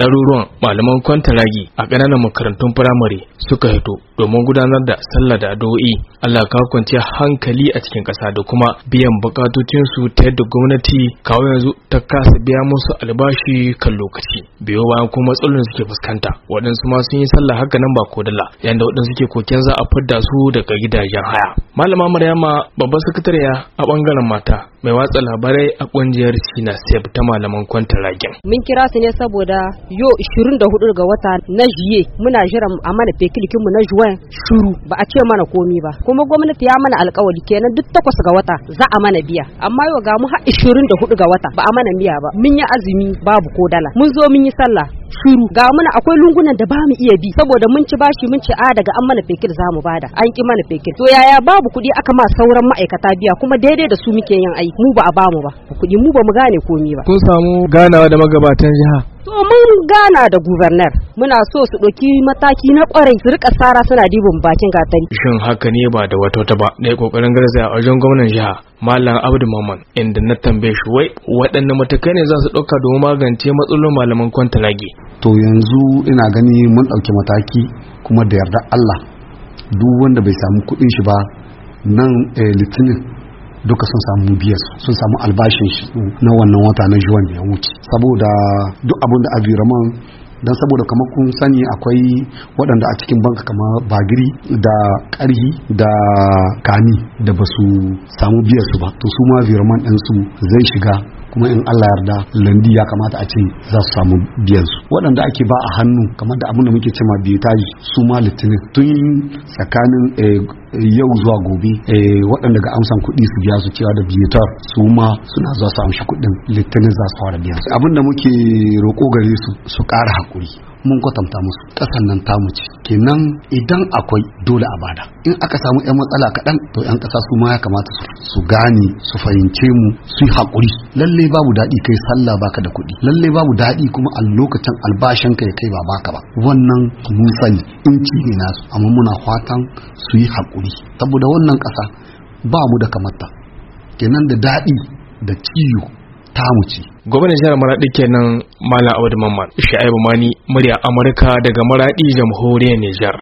ɗaruruwan malaman kwantaragi a ƙananan makarantun firamare suka hito domin gudanar da sallah da addu'o'i Allah ka kwance hankali a cikin ƙasa da kuma biyan bukatocin ta yadda gwamnati kawo yanzu ta kasa biya musu albashi kan lokaci biyo bayan kuma matsalolin suke fuskanta waɗansu ma sun yi sallah haka nan ba kodala yayin da waɗansu ke koken za a fidda su daga gidajen haya malama Maryama babban sakatariya a bangaren mata mai watsa labarai a ƙungiyar Sina Sef ta malaman kwantaragen mun kira su ne saboda yo 24 ga wata na jiye muna jiran a mana fekilkin mu na juwan shuru ba a ce mana komi ba kuma gwamnati ya mana alkawari kenan duk takwas ga wata za a mana biya amma yau ga mu har 24 ga wata ba a mana miya ba mun yi azumi babu ko dala mun zo mun yi sallah shuru ga muna akwai lungunan da ba mu iya bi saboda mun ci bashi mun ci a daga an mana fekir za mu bada an ki mana fekir to yaya babu kuɗi aka ma sauran ma'aikata biya kuma daidai da su muke yin aiki mu ba a bamu ba kuɗi mu ba mu gane komi ba kun samu ganawa da magabatan jiha To mun gana da gubernar muna so su ɗauki mataki na ƙwarai su rika sara suna dibin bakin gatari. Shin haka ne ba da wata wata ba yi ƙoƙarin garzaya a wajen gwamnan jiha Malam Abdu Maman inda na tambaye shi wai waɗanne matakai ne za su ɗauka domin magance matsalolin malaman kwantalage To yanzu ina gani mun ɗauki mataki kuma da yarda Allah duk wanda bai samu kuɗin shi ba nan eh, litinin duka sun samu biyar sun samu albashin shi na wannan wata na juwan da ya wuce saboda duk abin da abiraman don saboda kamar kun sani akwai waɗanda a cikin banka kamar bagiri da ƙarhi da kani da ba su samu biyar su ba to su ma ɗinsu zai shiga kuma in Allah yarda landi ya kamata a ce za su samu biyan su waɗanda ake ba a hannu kamar da abin da muke cewa bitaji su ma litinin tun tsakanin eh, yau zuwa gobe eh, waɗanda ga amsan kuɗi su biya su cewa da biyatar su ma suna za su amshi kuɗin litinin za su fara biyan su abin da muke roƙo gare su su ƙara haƙuri mun kwatanta musu kasan nan tamu ce kenan idan akwai dole a bada in aka samu 'yan matsala kaɗan to 'yan ƙasa su ma ya kamata su gane su fahimce mu su yi haƙuri lalle babu daɗi kai sallah baka da kuɗi lalle babu daɗi kuma a lokacin albashin ka ya kai ba baka ba wannan mun sani in ci ne nasu amma muna fatan su yi haƙuri saboda wannan ƙasa ba mu da kamata kenan da daɗi da ciwo tamu ci. gwamnan jihar maradi kenan malam audu mamman shi'aibu mani murya amurka daga maradi jamhuriyar nijar